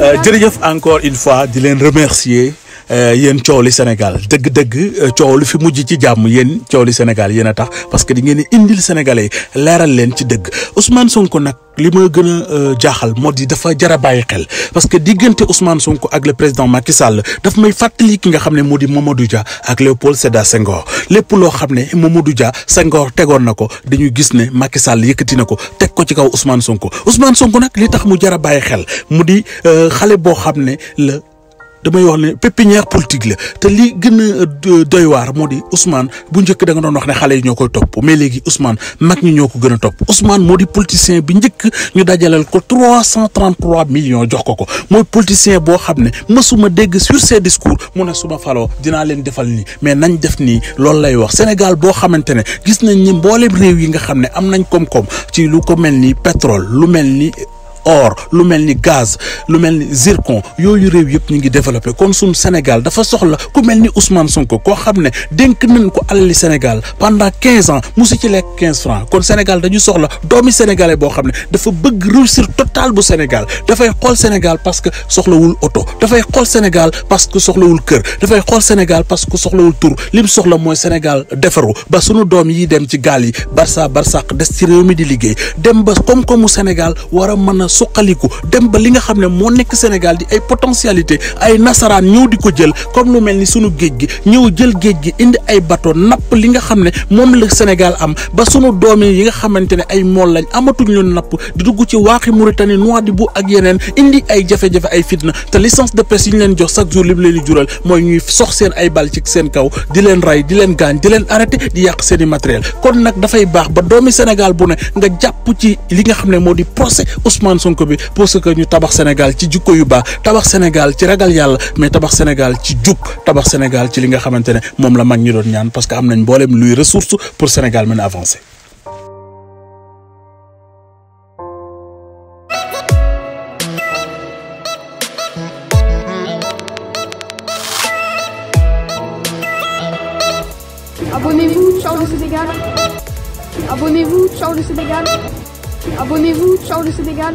Euh, jërëjëf encore une fois de les remercier Euh, yéen coow li Sénégal dëgg-dëgg euh, coow lu fi mujj ci jàmm yéen coow li Sénégal yéen a tax parce que di ngeen indi indil Sénégalais leeral leen ci dëgg Ousmane Sonko nag li ma gën a euh, jaaxal moo di dafa jar a bàyyi xel parce que diggante Ousmane Sonko ak le président Macky Sall daf may fàttali ki nga xam ne moo di Mamadou Dia ak Léopold Sédar Senghor lépp loo xam ne Mamadou Dia Senghor tegoon na ko dañuy gis ne Macky Sall yëkkati na ko teg ko ci kaw Ousmane Sonko Ousmane Sonko nag li tax mu jar a bàyyi xel mu di xale boo xam ne damay wax ne pépinière politique la te li gën a euh, doy waar moo di Ousmane bu njëkk da nga doon wax ne xale yi ñoo koy topp mais léegi Ousmane mag ñi ñoo ko gën a topp Ousmane moo di politicien bi njëkk ñu dajaleel ko trois cent trente trois millions jox ko ko mooy politicien boo xam ne mësuma dégg sur ses discours mu ne suma falo dinaa leen defal nii mais nañ def nii loolu lay wax Sénégal boo xamante ne gis nañ ni mboolem réew yi nga xam ne am nañ koom-koom ci lu ko mel ni pétrole lu mel ni or lu melni gaz lu melni zircon yoyu rew yep ñu ngi développer kon sun Sénégal dafa soxla ku melni Ousmane Sonko ko xam denk dénk nañ ko alali Sénégal pendant quinze ans musu ci lek quinze francs kon Sénégal dañu soxla domi sénégalais bo xam dafa bëgg réussir total bu Sénégal dafay xol Sénégal parce que soxlawul auto dafay xol Sénégal parce que soxlawul kër dafay xol Sénégal parce que soxlawul tour. lim soxla moy Sénégal defaru ba sunu dom yi dem ci gaal yi Barça Barsaq des ci réew mi di liggéey dem ba Sénégal wara suqaliku dem ba li nga xam ne moo nekk Sénégal di ay potentialité ay nasaraan ñëw di ko jël comme lu mel ni sunu géej gi ñëw jël géej gi indi ay bateau napp li nga xam ne moom la Sénégal am ba sunu doom yi nga xamante ne ay mool lañ amatuñ ñu napp di dugg ci waaxi Mauritanie Nouadhibou ak yeneen indi ay jafe-jafe ay fitna te licence de presse yi ñu leen jox chaque jour li mu leen jural mooy ñuy sox seen ay bal ci seen kaw di leen rey di leen gaañ di leen di yàq seen i matériel kon nag dafay baax ba doomi Sénégal bu ne nga jàpp ci li nga xam ne moo di procès Ousmane Sonko bi pour ce que ñu tabax Sénégal ci jikko yu ba tabax Sénégal ci ragal mais tabax Sénégal ci juk tabax Sénégal ci li nga xamantene mom la mag ñu doon ñaan parce que am nañ mbooleem luy ressource pour Sénégal mën avancer. Abonnez-vous, Charles de Sénégal. Abonnez-vous, Charles de Sénégal. Abonnez-vous, ciao le Sénégal